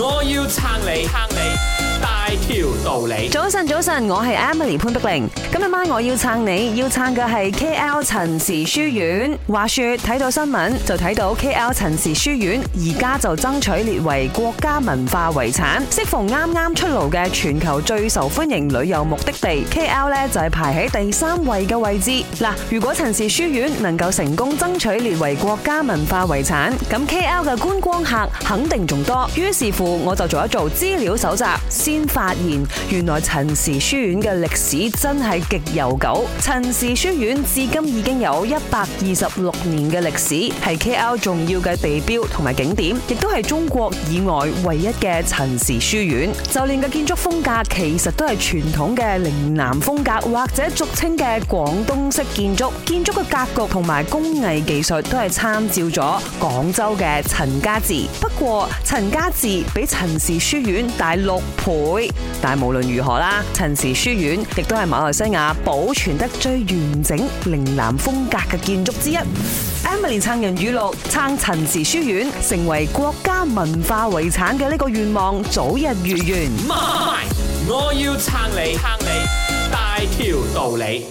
我要撐你，撐你大條道理。早晨，早晨，我係 Emily 潘碧玲。今日晚我要撐你，要撐嘅係 KL 陳氏書院。話說睇到新聞就睇到 KL 陳氏書院而家就爭取列為國家文化遺產。適逢啱啱出爐嘅全球最受歡迎旅遊目的地 KL 呢就係排喺第三位嘅位置。嗱，如果陳氏書院能夠成功爭取列為國家文化遺產，咁 KL 嘅觀光客肯定仲多。於是乎。我就做一做資料搜集，先發現原來陳氏書院嘅歷史真係極悠久。陳氏書院至今已經有一百二十六年嘅歷史，係 KL 重要嘅地標同埋景點，亦都係中國以外唯一嘅陳氏書院。就連個建築風格其實都係傳統嘅嶺南風格，或者俗稱嘅廣東式建築。建築嘅格局同埋工藝技術都係參照咗廣州嘅陳家祠。不過陳家祠。比陳氏書院大六倍，但無論如何啦，陳氏書院亦都係馬來西亞保存得最完整、嶺南風格嘅建築之一。Emily 撐。Emily 撐人語錄撐陳氏書院成為國家文化遺產嘅呢個願望早日如願。我要撐你，撐你，大條道理。